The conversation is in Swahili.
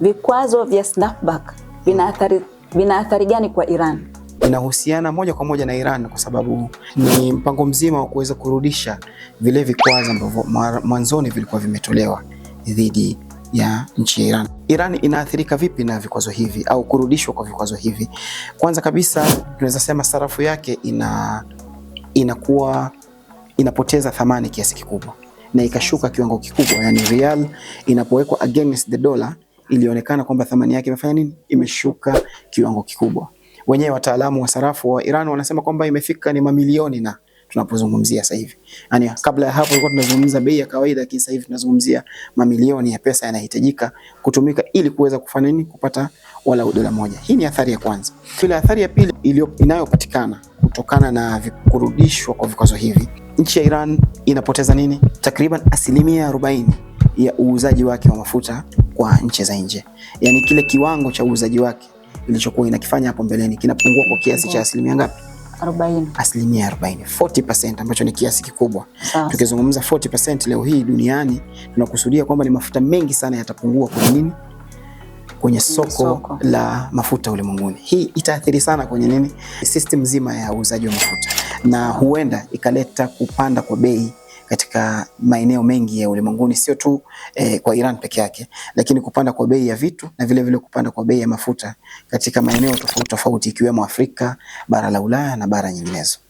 vikwazo vya snapback vina athari vina athari gani kwa Iran? Inahusiana moja kwa moja na Iran kwa sababu ni mpango mzima wa kuweza kurudisha vile vikwazo ambavyo mwanzoni vilikuwa vimetolewa dhidi ya nchi ya Iran. Iran inaathirika vipi na vikwazo hivi au kurudishwa kwa vikwazo hivi? Kwanza kabisa tunaweza sema sarafu yake ina inakuwa inapoteza thamani kiasi kikubwa na ikashuka kiwango kikubwa, yani real inapowekwa against the dollar ilionekana kwamba thamani yake imefanya nini, imeshuka kiwango kikubwa. Wenyewe wataalamu wa sarafu wa Iran wanasema kwamba imefika ni mamilioni na tunapozungumzia sasa hivi. Yaani kabla ya hapo ilikuwa tunazungumza bei ya kawaida, lakini sasa hivi tunazungumzia mamilioni ya pesa yanahitajika kutumika ili kuweza kufanya nini, kupata wala dola moja. Hii ni athari ya kwanza. Kile athari ya pili iliyo inayopatikana kutokana na kurudishwa kwa vikwazo hivi, nchi ya Iran inapoteza nini, takriban asilimia 40 ya uuzaji wake wa mafuta kwa nchi za nje. Yani kile kiwango cha uuzaji wake ilichokuwa inakifanya hapo mbeleni kinapungua kwa kiasi cha asilimia ngapi? 40. Asilimia 40, 40% ambacho ni kiasi kikubwa. Tukizungumza 40% leo hii duniani tunakusudia kwamba ni mafuta mengi sana yatapungua kwenye nini? Kwenye soko, soko la mafuta ulimwenguni. Hii itaathiri sana kwenye nini? System nzima ya uuzaji wa mafuta na huenda ikaleta kupanda kwa bei katika maeneo mengi ya ulimwenguni, sio tu eh, kwa Iran peke yake, lakini kupanda kwa bei ya vitu na vile vile kupanda kwa bei ya mafuta katika maeneo tofauti tofauti ikiwemo Afrika, bara la Ulaya na bara nyinginezo.